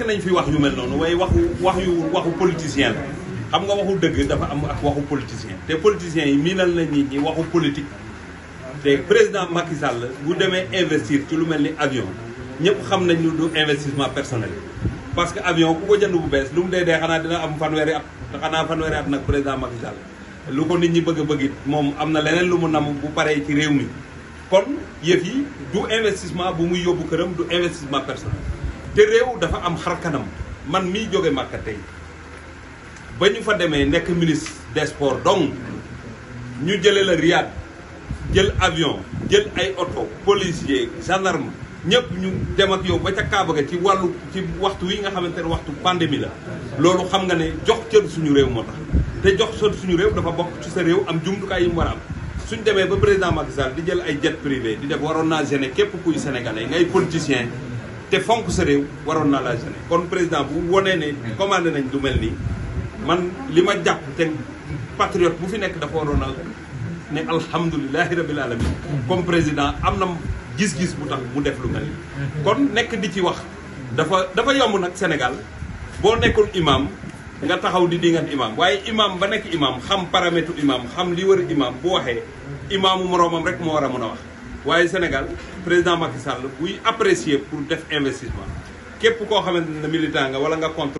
fekk nañ fi wax yu mel noonu waaye waxu wax yu waxu politicien la xam nga waxu dëgg dafa am ak waxu politicien te politiciens yi miinal na nit ñi waxu politique te président Macky Sall bu demee investir ci lu mel ni avion ñëpp xam nañ ñu du investissement personnel parce que avion ku ko jënd bu bees lu mu dee dee xanaa dina am fanweeri at te xanaa fanweeri at nag président Macky Sall lu ko nit ñi bëgg a bëgg it moom am na leneen lu mu nam bu paree ci réew mi kon yëf yi du investissement bu muy yóbbu këram du investissement personnel te réew dafa am xar kanam man mii jóge Màkka tey ba ñu fa demee nekk ministre des donc ñu jëlee la Riyad jël avion jël ay oto policier gendarme ñëpp ñu dem ak yow ba ca Kaaba ga ci wàllu ci waxtu wi nga xamante ne waxtu pandémie la loolu xam nga ne jox cër suñu réew moo tax te jox cër suñu réew dafa bokk ci sa réew am jumtukaay yi mu war a am suñ demee ba président Macky Sall di jël ay jet privé di def waroon naa gêner képp kuy sénégalais ngay politicien te fonk sa réew waroon naa laa gêné kon président bu wonee ne commandé nañ lu mel nii man li ma jàpp te patriote bu fi nekk dafa waroon a ne alhamdulilahi rabil alamin comme président am na gis-gis bu tax mu def lu mel nii kon nekk di ci wax dafa dafa yomb nag Sénégal boo nekkul imam nga taxaw di dingat imam waaye imam ba nekk imam xam paramètre imam xam li wër imam bu waxee imaamu moroomam rek moo war a mën a wax waaye Sénégal président Macky Sall buy apprécier pour def investissement képp koo xamante ne militant nga wala contre